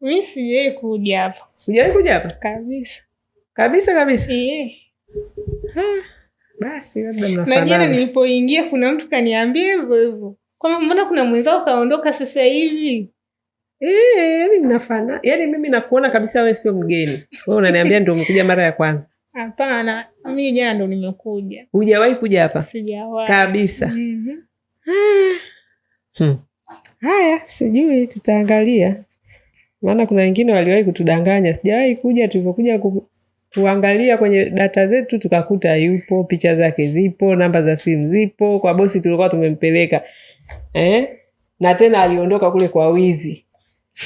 Mi sijawahi kuja hapa. Hujawahi kuja hapa? Kabisa. Kabisa kabisa. Ha, basi labda mnafanana. Na jana nilipoingia kuna mtu kaniambia hivyo hivyo. Kwamba mbona kuna mwenzao kaondoka sasa hivi? Eh, yaani mnafanana. Yaani mimi nakuona kabisa wewe sio mgeni. Wewe unaniambia ndio umekuja mara ya kwanza. Hapana, mimi jana ndo nimekuja. Hujawahi kuja hapa? Sijawahi. Kabisa. Mm hmm. Haya, sijui tutaangalia. Maana kuna wengine waliwahi kutudanganya, sijawahi kuja, tulivyokuja ku, kuangalia kwenye data zetu tukakuta yupo, picha zake zipo, namba za simu zipo, kwa bosi tulikuwa tumempeleka eh? na tena aliondoka kule kwa wizi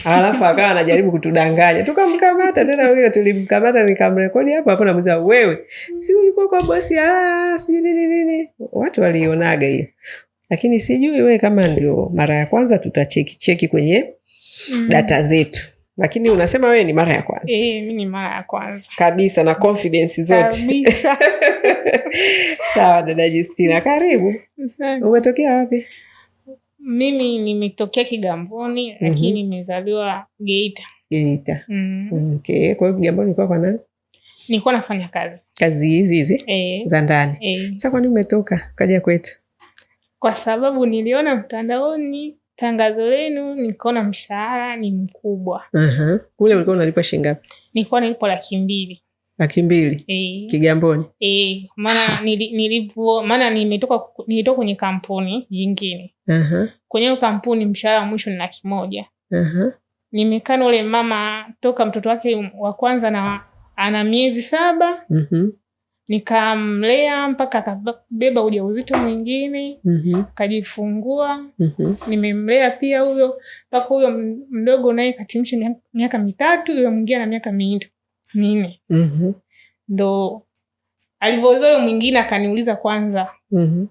alafu akawa anajaribu kutudanganya, tukamkamata tena huyo, tulimkamata nikamrekodi hapo hapo, namuza wewe, si ulikuwa kwa bosi ah, sijui nini nini. Watu walionaga hiyo, lakini sijui wewe kama ndio mara ya kwanza, tutachekicheki kwenye mm. data zetu lakini unasema wewe ni mara ya kwanza e, ni mara ya kwanza kabisa na confidence zote sawa. Dada Justina, karibu. Umetokea wapi? Mimi nimetokea Kigamboni mm -hmm. lakini nimezaliwa Geita. Geita mm -hmm. okay. Kwa hiyo Kigamboni ulikuwa kwa nani? Nilikuwa nafanya kazi kazi hizi hizi e, za ndani e. Eh. sa kwani umetoka kaja kwetu? Kwa sababu niliona mtandaoni tangazo lenu nikaona mshahara ni mkubwa. Aha. Ule ulikuwa unalipwa shilingi ngapi? Nilikuwa nilipo laki mbili. Laki mbili e. Kigamboni e. Maana nilipo maana nimetoka nilitoka kwenye kampuni nyingine. Kwenye hiyo kampuni mshahara wa mwisho ni laki moja. Nimekaa ule mama toka mtoto wake wa kwanza na ana miezi saba. Mhm nikamlea mpaka akabeba ujauzito mwingine mm -hmm. Kajifungua mm -hmm. Nimemlea pia huyo mpaka huyo mdogo naye katimisha miaka mitatu, huyo mwingine na miaka minne mm -hmm. Ndo alivyozoea huyo mwingine akaniuliza kwanza mm -hmm.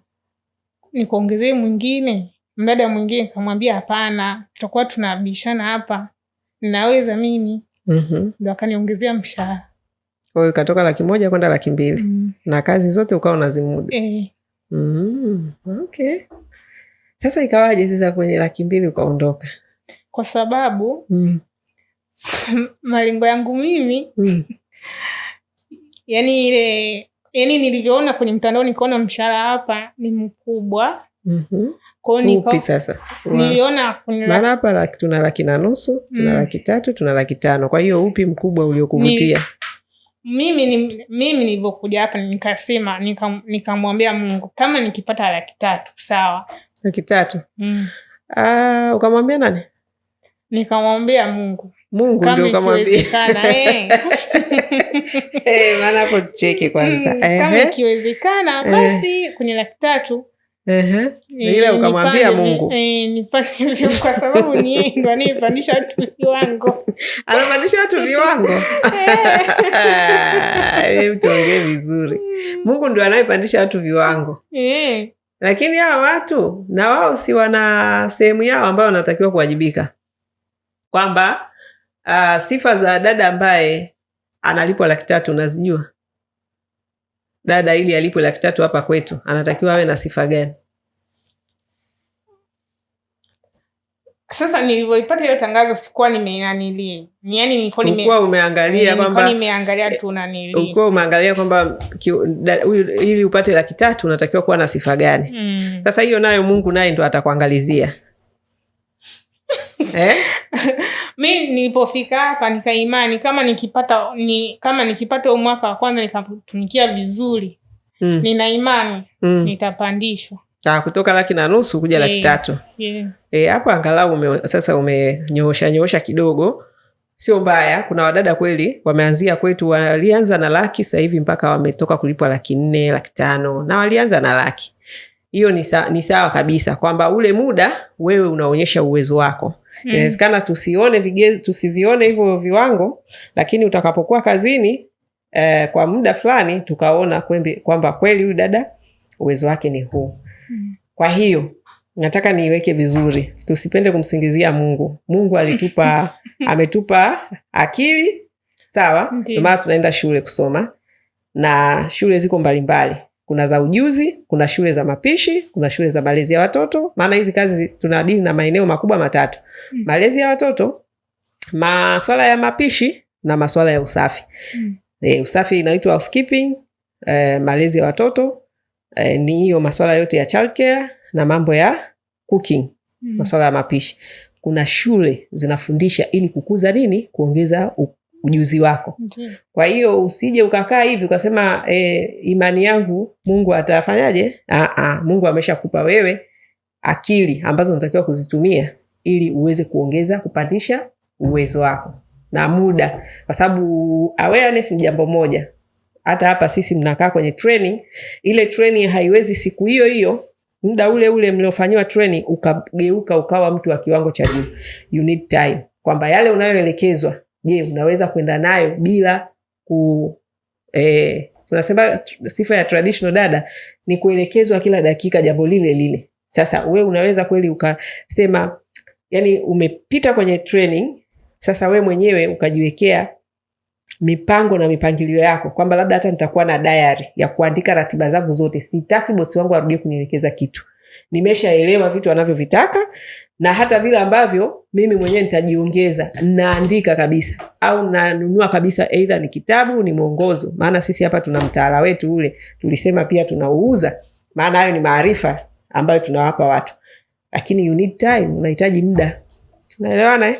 Nikuongezee mwingine mdada mwingine, kamwambia hapana, tutakuwa tunabishana hapa, naweza mimi mm -hmm. Ndo akaniongezea mshahara kwa ukatoka ikatoka laki moja kwenda laki mbili mm. na kazi zote ukawa unazimudu eh. mm, okay. Sasa ikawaje sasa kwenye laki mbili ukaondoka? Kwa sababu mm. malengo yangu mimi mm. yani ile yani nilivyoona kwenye mtandao nikaona mshahara hapa ni mkubwa mm -hmm. sasa niliona hapa tuna laki na nusu tuna mm. laki tatu tuna laki tano kwa hiyo upi mkubwa uliokuvutia? mimi mimi nilivyokuja hapa nikasema nikamwambia nika Mungu kama nikipata laki tatu sawa, laki tatu mm. Uh, ukamwambia nani? Nikamwambia Mungu. Mungu ndio ukamwambia eh. Eh, maana hapo cheki kwanza, mm, kama ikiwezekana eh. basi kwenye laki tatu Ehe, eh, ile ukamwambia eh, Mungu kwa sababu ni ndo watu viwango, anapandisha watu eh. viwango. Tuongee vizuri, hmm. Mungu ndo anayepandisha watu viwango Lakini hawa watu na wao si wana sehemu yao ambayo wanatakiwa kuwajibika kwamba uh, sifa za dada ambaye analipwa laki tatu unazijua dada ili alipo laki tatu hapa kwetu anatakiwa awe na sifa gani? Sasa nilivyoipata hiyo tangazo sikuwa nimenanili, yaani nilikuwa nime ukuwa eh, umeangalia kwamba nimeangalia tu nanili, ukuwa umeangalia kwamba ili upate laki tatu unatakiwa kuwa na sifa gani? Mm. Sasa hiyo nayo Mungu naye ndo atakuangalizia eh? mi nilipofika hapa nikaimani kama nikipata ni, kama nikipata huu mwaka wa kwanza nikatumikia vizuri mm. nina imani mm. nitapandishwa Ah, kutoka laki na nusu kuja yeah, laki tatu yeah. E, hapo angalau ume, sasa umenyoosha nyoosha kidogo, sio mbaya. Kuna wadada kweli wameanzia kwetu, walianza na laki sasa hivi mpaka wametoka kulipwa laki nne laki tano na walianza na laki hiyo. Ni sawa kabisa kwamba ule muda wewe unaonyesha uwezo wako Hmm. Inawezekana mm. tusione vige, tusivione hivyo viwango, lakini utakapokuwa kazini eh, kwa muda fulani tukaona kwamba kweli huyu dada uwezo wake ni huu mm. kwa hiyo nataka niiweke vizuri, tusipende kumsingizia Mungu. Mungu alitupa ametupa akili sawa, ndio maana tunaenda shule kusoma na shule ziko mbalimbali mbali kuna za ujuzi, kuna shule za mapishi, kuna shule za malezi ya watoto, maana hizi kazi tunadili na maeneo makubwa matatu: hmm. malezi ya watoto, maswala ya mapishi na maswala ya usafi. Mm. E, usafi inaitwa housekeeping, e, malezi ya watoto e, ni hiyo maswala yote ya childcare na mambo ya cooking, hmm. maswala ya mapishi. Kuna shule zinafundisha ili kukuza nini, kuongeza u ujuzi wako. Kwa hiyo usije ukakaa hivi ukasema e, imani yangu Mungu atafanyaje? Aa, Mungu ameshakupa wewe akili ambazo unatakiwa kuzitumia ili uweze kuongeza kupandisha uwezo wako na muda, kwa sababu awareness ni jambo moja. Hata hapa sisi mnakaa kwenye training, ile training haiwezi siku hiyo hiyo muda ule ule mliofanyiwa training ukageuka ukawa mtu wa kiwango cha juu. You need time, kwamba yale unayoelekezwa Je, unaweza kwenda nayo bila ku eh, tunasema sifa ya traditional dada ni kuelekezwa kila dakika jambo lile lile. Sasa we unaweza kweli ukasema, yani umepita kwenye training, sasa we mwenyewe ukajiwekea mipango na mipangilio yako kwamba labda hata nitakuwa na diary ya kuandika ratiba zangu zote. Sitaki bosi wangu arudie kunielekeza kitu, nimeshaelewa vitu anavyovitaka na hata vile ambavyo mimi mwenyewe nitajiongeza, naandika kabisa au nanunua kabisa, aidha ni kitabu, ni mwongozo. Maana sisi hapa tuna mtaala wetu ule, tulisema pia tunauuza, maana hayo ni maarifa ambayo tunawapa watu, lakini you need time, unahitaji muda. Tunaelewana eh?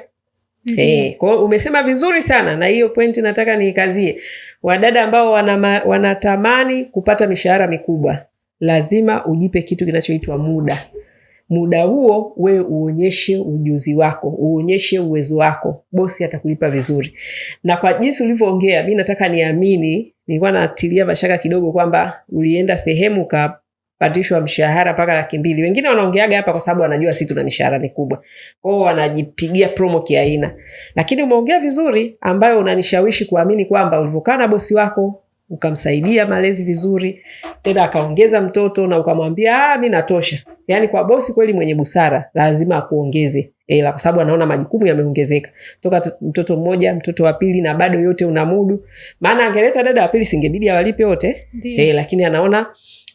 Mm -hmm. Hey, eh, kwa umesema vizuri sana na hiyo pointi nataka niikazie. Wadada ambao wanama, wanatamani kupata mishahara mikubwa lazima ujipe kitu kinachoitwa muda muda huo wewe uonyeshe ujuzi wako, uonyeshe uwezo wako, bosi atakulipa vizuri. Na kwa jinsi ulivyoongea, mi nataka niamini, nilikuwa natilia mashaka kidogo kwamba ulienda sehemu ka patishwa mshahara mpaka laki mbili. Wengine wanaongeaga hapa kwa sababu wanajua sisi tuna mishahara mikubwa, kwao wanajipigia promo kiaina, lakini umeongea vizuri, ambayo unanishawishi kuamini kwamba ulivyokaa na bosi wako ukamsaidia malezi vizuri, tena akaongeza mtoto na ukamwambia ah, mi natosha yani kwa bosi kweli mwenye busara lazima akuongeze hela kwa sababu anaona majukumu yameongezeka toka mtoto mmoja mtoto wa pili na bado yote unamudu. Maana angeleta dada wa pili singebidi awalipe wote eh, lakini anaona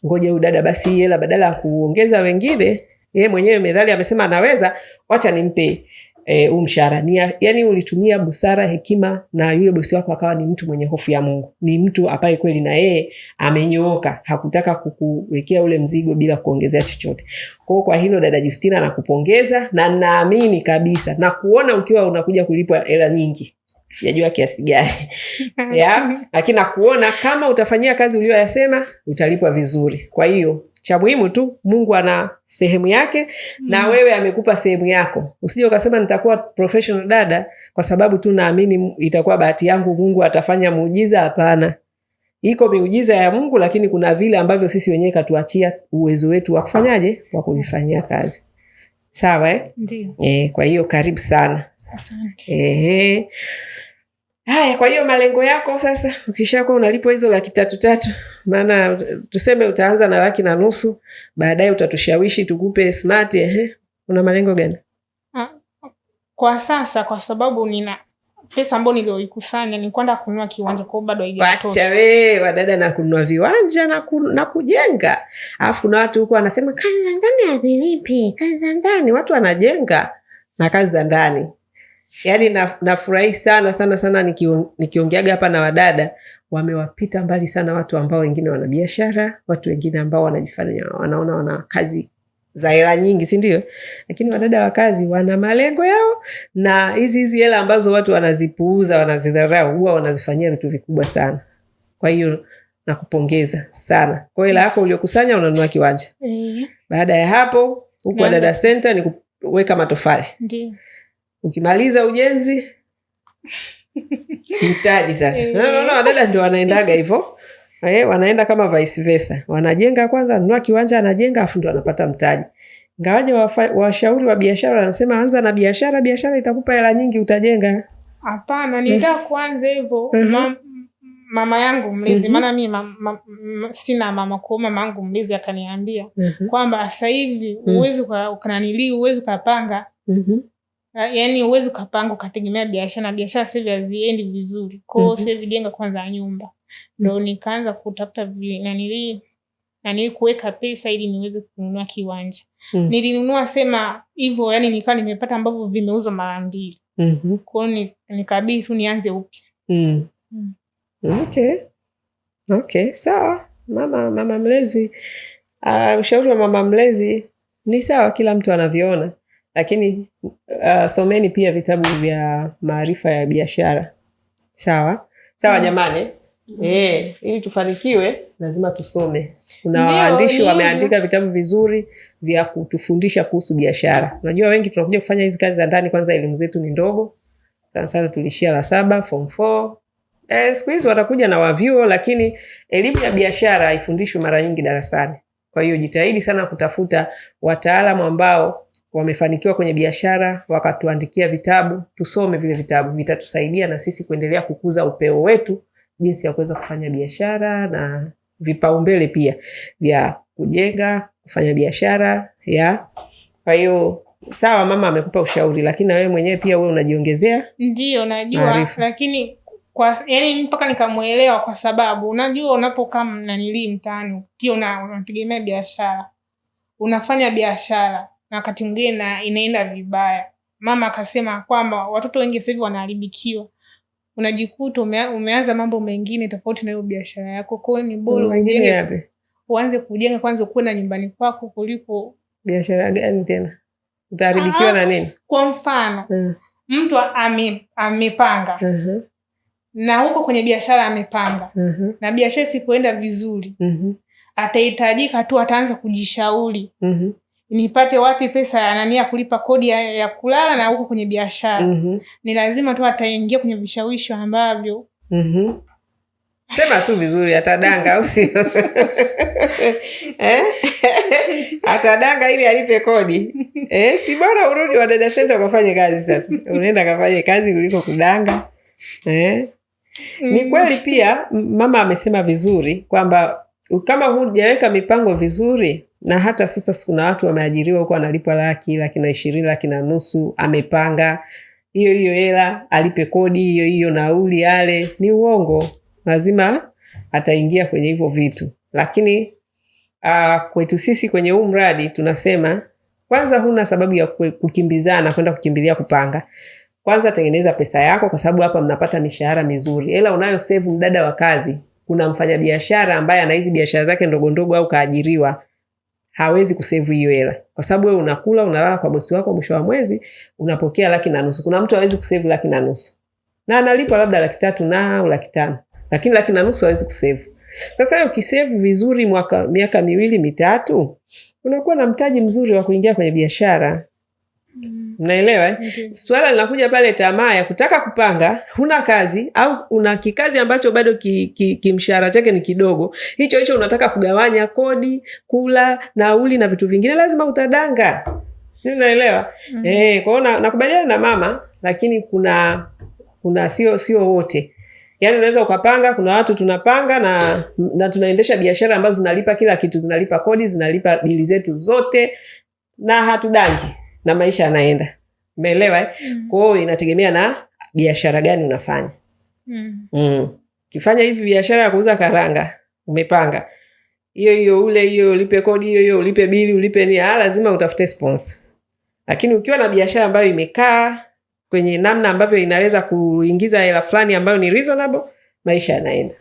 ngoja huyu dada basi hela badala ya kuongeza wengine, yeye mwenyewe medhali amesema anaweza, wacha nimpe E, huu e, mshahara ni yani, ulitumia busara, hekima, na yule bosi wako akawa ni mtu mwenye hofu ya Mungu, ni mtu ambaye kweli na yeye amenyooka, hakutaka kukuwekea ule mzigo bila kuongezea chochote. Kwa kwa hilo dada Justina nakupongeza, na naamini kabisa na kuona ukiwa unakuja kulipwa hela nyingi sijajua kiasi gani yeah. Lakini nakuona kama utafanyia kazi uliyoyasema utalipwa vizuri. Kwa hiyo cha muhimu tu Mungu ana sehemu yake mm. na wewe amekupa sehemu yako. Usije ukasema nitakuwa professional dada kwa sababu tu naamini itakuwa bahati yangu, Mungu atafanya muujiza. Hapana, iko miujiza ya Mungu, lakini kuna vile ambavyo sisi wenyewe katuachia uwezo wetu wa kufanyaje, wa kuvifanyia kazi. Sawa eh? Ndiyo. Eh, kwa hiyo karibu sana. Asante. Eh, Haya, kwa hiyo malengo yako sasa, ukishakuwa unalipwa hizo laki tatu tatu, maana eh, tuseme utaanza na laki na nusu, baadaye utatushawishi tukupe smart. Ehe, una malengo gani ah, kwa sasa? Kwa sababu nina pesa ambayo nilioikusanya ni kwenda kununua kiwanja, kwa bado haijatosha. Acha wewe wadada na kununua viwanja na, ku, na kujenga. Alafu kuna watu huko wanasema kazi za ndani hazilipi, kazi za ndani, watu wanajenga na kazi za ndani yaani nafurahi na sana sana sana nikiongeaga hapa na wadada, wamewapita mbali sana watu ambao wengine wana biashara, watu wengine ambao wanajifanya wanaona wana kazi za hela nyingi, sindio Lakini wadada wa kazi wana malengo yao, na hizi hizi hela ambazo watu wanazipuuza, wanazidharau, huwa wanazifanyia vitu vikubwa sana. Kwa hiyo nakupongeza sana kwao hela yako uliokusanya, unanunua kiwanja. Eh. Baada ya hapo, huku Wadada Center ni kuweka matofali Ndi. Ukimaliza ujenzi mtaji sasa. No, no, no, dada ndio wanaendaga hivyo eh, wanaenda kama vice versa, wanajenga kwanza, nunua kiwanja, anajenga afu ndo anapata mtaji. Ngawaje washauri wa, wa biashara wanasema anza na biashara, biashara itakupa hela nyingi, utajenga. Hapana, nitaka mm-hmm. kuanza hivyo mm-hmm. mama yangu mlezi, mm-hmm. maana mm -hmm. mi ma, ma, sina mama kwao, mama yangu mlezi akaniambia mm -hmm. kwamba sasa hivi mm uwezi ukananilii uwezi ukapanga mm -hmm Ah, yani uwezi ukapanga ukategemea biashara na biashara sasa haziendi vizuri kwao. mm -hmm. Sasa jenga kwanza nyumba ndo mm -hmm. nikaanza kutafuta nanili nanili kuweka pesa ili niweze kununua kiwanja mm -hmm. nilinunua sema hivyo yani, nikawa nimepata ambavyo vimeuzwa mara mbili mm -hmm. kwao nikabidi tu nianze upya mm. mm. Okay, okay, sawa mama, mama mlezi. Uh, ushauri wa mama mlezi ni sawa, kila mtu anavyoona lakini uh, someni pia vitabu vya maarifa ya biashara. Sawa sawa, hmm. Jamani hmm. E, ili tufanikiwe lazima tusome. Kuna waandishi wameandika vitabu vizuri vya kutufundisha kuhusu biashara. Unajua, wengi tunakuja kufanya hizi kazi za ndani, kwanza elimu zetu ni ndogo sanasana sana, tulishia la saba form four. Eh, siku hizi watakuja na wavyuo, lakini elimu ya biashara haifundishwi mara nyingi darasani. Kwa hiyo jitahidi sana kutafuta wataalamu ambao wamefanikiwa kwenye biashara, wakatuandikia vitabu. Tusome vile vitabu, vitatusaidia na sisi kuendelea kukuza upeo wetu, jinsi ya kuweza kufanya biashara na vipaumbele pia vya kujenga, kufanya biashara ya. Kwa hiyo sawa, mama amekupa ushauri, lakini na wewe mwenyewe pia wewe unajiongezea. Ndio najua maarifa. Lakini kwa yani mpaka nikamwelewa, kwa sababu unajua unapokaa nanilii mtaani pia unategemea biashara, unafanya biashara na wakati mwingine na inaenda vibaya. Mama akasema kwamba watoto wengi sasa hivi wanaharibikiwa, unajikuta ume, umeanza mambo mengine tofauti na hiyo biashara yako. Kwa hiyo ni bora uanze kujenga kwanza, ukuwe na nyumbani kwako kuliko biashara gani tena utaharibikiwa na ah, nini? Kwa mfano uh, mtu amepanga ame uh -huh. na huko kwenye biashara amepanga uh -huh. na biashara isipoenda vizuri uh mhm. -huh. atahitajika tu, ataanza kujishauri uh mhm. -huh nipate wapi pesa anania ya kulipa kodi ya, ya kulala na huko kwenye biashara mm -hmm. Ni lazima tu ataingia kwenye vishawishi ambavyo mm -hmm. Sema tu vizuri atadanga au sio? eh? atadanga ili alipe kodi eh? Si bora urudi dada Senta ukafanye kazi sasa, unaenda kafanye kazi kuliko kudanga eh? Ni mm. kweli pia mama amesema vizuri kwamba kama hujaweka mipango vizuri, na hata sasa kuna watu wameajiriwa huko analipwa laki, laki na ishirini, laki na nusu, amepanga hiyo hiyo hela alipe kodi hiyo hiyo, nauli yale, ni uongo. Lazima ataingia kwenye hivyo vitu, lakini uh, kwetu sisi kwenye huu mradi tunasema kwanza, huna sababu ya kukimbizana kwenda kukimbilia kupanga. Kwanza tengeneza pesa yako, kwa sababu hapa mnapata mishahara mizuri. Hela unayo save mdada wa kazi kuna mfanyabiashara ambaye ana hizi biashara zake ndogo ndogo au kaajiriwa hawezi kusevu hiyo hela, kwa sababu wewe unakula unalala kwa bosi wako, mwisho wa mwezi unapokea laki na nusu. Kuna mtu hawezi kusevu laki na nusu na analipwa labda laki tatu na au laki tano, lakini laki na nusu hawezi kusevu. Sasa ukisevu vizuri mwaka, miaka miwili mitatu, unakuwa na mtaji mzuri wa kuingia kwenye biashara. Mm. Mnaelewa mm. Swala linakuja pale, tamaa ya kutaka kupanga, huna kazi au una kikazi ambacho bado kimshahara ki, ki chake ni kidogo, hicho hicho unataka kugawanya kodi, kula, nauli na vitu vingine, lazima utadanga, si unaelewa? mm -hmm. Eh, e, kwao hiyo nakubaliana na mama, lakini kuna kuna sio sio wote Yani unaweza ukapanga, kuna watu tunapanga na, na tunaendesha biashara ambazo zinalipa kila kitu, zinalipa kodi, zinalipa bili zetu zote na hatudangi na maisha yanaenda, umeelewa eh? mm. kwao inategemea na biashara gani unafanya mm. Mm. Kifanya hivi biashara ya kuuza karanga umepanga hiyo hiyo ule hiyo ulipe kodi hiyo hiyo ulipe bili ulipe ni ah, lazima utafute sponsor. Lakini ukiwa na biashara ambayo imekaa kwenye namna ambavyo inaweza kuingiza hela fulani ambayo ni reasonable, maisha yanaenda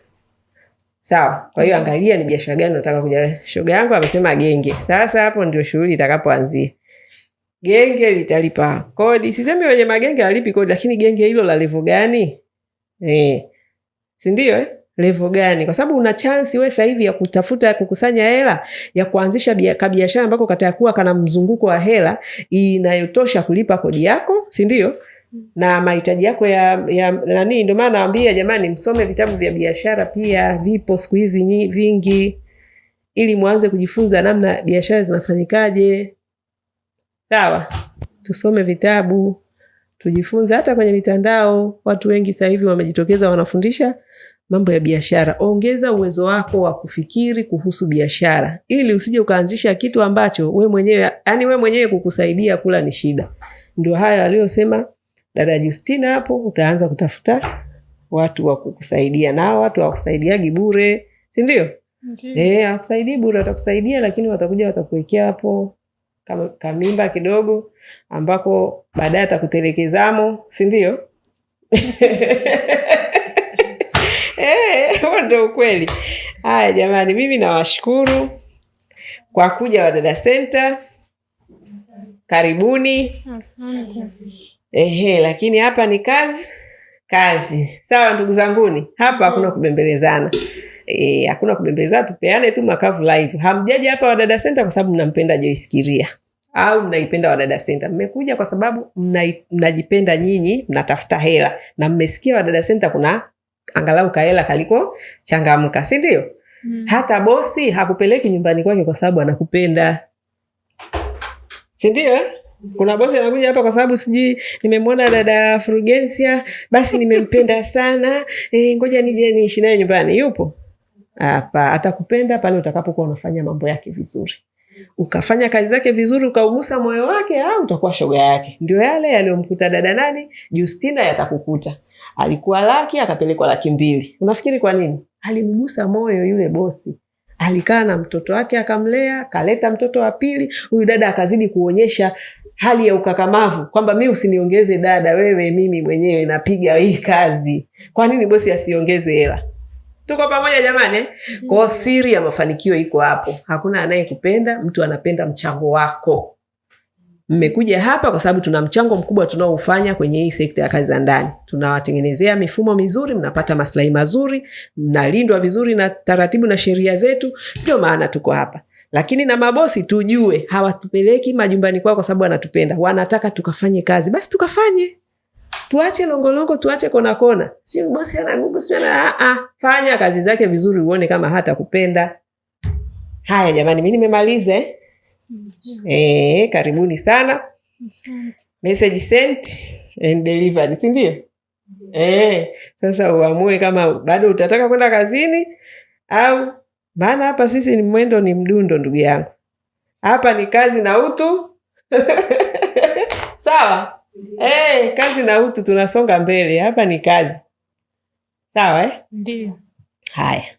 sawa. Kwa hiyo mm. angalia ni biashara gani unataka kuja. Shoga yangu amesema genge, sasa hapo ndio shughuli itakapoanzia genge litalipa kodi. Sisemi wenye magenge alipi kodi, lakini genge hilo la levo gani e, eh. si ndio eh? levo gani? Kwa sababu una chansi we sasa hivi ya kutafuta kukusanya hela ya kuanzisha kabiashara ambako katakuwa kana mzunguko wa hela inayotosha kulipa kodi yako, si ndio? Mm. na mahitaji yako ya, ya nani. Ndio maana naambia jamani, msome vitabu vya biashara, pia vipo siku hizi vingi, ili mwanze kujifunza namna biashara zinafanyikaje. Sawa, tusome vitabu, tujifunze hata kwenye mitandao. Watu wengi sasa hivi wamejitokeza, wanafundisha mambo ya biashara. Ongeza uwezo wako wa kufikiri kuhusu biashara, ili usije ukaanzisha kitu ambacho we mwenyewe, yani we mwenyewe kukusaidia kula ni shida. Ndio hayo aliyosema dada Justina hapo. Utaanza kutafuta watu wa kukusaidia, na watu hawakusaidiagi bure, si ndio? Eh, hawakusaidii bure, watakusaidia lakini watakuja watakuwekea hapo kamimba kidogo ambako baadaye atakutelekezamo, si ndio? Eh, huo ndo ukweli. Haya jamani, mimi nawashukuru kwa kuja Wadada Senta, karibuni. Ehe, lakini hapa ni kazi kazi, sawa ndugu zanguni, hapa hakuna kubembelezana e, hakuna kubembeleza, tupeane tu makavu live. Hamjaja hapa Wadada Center kwa sababu mnampenda Joyce Kiria au mnaipenda Wadada Center. Mmekuja kwa sababu mna, mnajipenda nyinyi, mnatafuta hela na mmesikia Wadada Center kuna angalau kahela kaliko changamka, si ndio? Hmm. Hata bosi hakupeleki nyumbani kwake kwa sababu anakupenda, si ndio? Eh? Kuna bosi anakuja hapa kwa sababu sijui nimemwona dada Frugensia, basi nimempenda sana e, ngoja nije niishi naye nyumbani. Yupo hapa atakupenda pale utakapokuwa unafanya mambo yake vizuri, ukafanya kazi zake vizuri, ukaugusa moyo wake, au ah, utakuwa shoga yake. Ndio yale yaliyomkuta dada nani, Justina, yatakukuta. Alikuwa laki akapelekwa laki mbili. Unafikiri kwa nini? Alimgusa moyo yule bosi alikaa na mtoto wake akamlea, kaleta mtoto wa pili. Huyu dada akazidi kuonyesha hali ya ukakamavu kwamba mi usiniongeze dada, wewe, mimi mwenyewe napiga hii kazi. Kwa nini bosi asiongeze hela? Tuko pamoja jamani. Mhm. Kwa hiyo siri ya mafanikio iko hapo, hakuna anayekupenda, mtu anapenda mchango wako. Mmekuja hapa kwa sababu tuna mchango mkubwa tunaoufanya kwenye hii sekta ya kazi za ndani. Tunawatengenezea mifumo mizuri, mnapata maslahi mazuri, mnalindwa vizuri na taratibu na sheria zetu, ndio maana tuko hapa. Lakini na mabosi tujue, hawatupeleki majumbani kwao kwa sababu wanatupenda, wanataka tukafanye kazi, basi tukafanye. Tuache longolongo, tuache kona kona, si bosi ana nguvu si ana ah, ah. Fanya kazi zake vizuri, uone kama hata kupenda. Haya jamani, mimi nimemaliza eh? Mm-hmm. Eh, karibuni sana. Message sent and delivered, si ndio? Mm-hmm. Eh, sasa uamue kama bado utataka kwenda kazini au, maana hapa sisi ni mwendo ni mdundo, ndugu yangu, hapa ni kazi na utu. Sawa. so, Hey, kazi na utu tunasonga mbele hapa, ni kazi sawa eh? Ndio. Haya.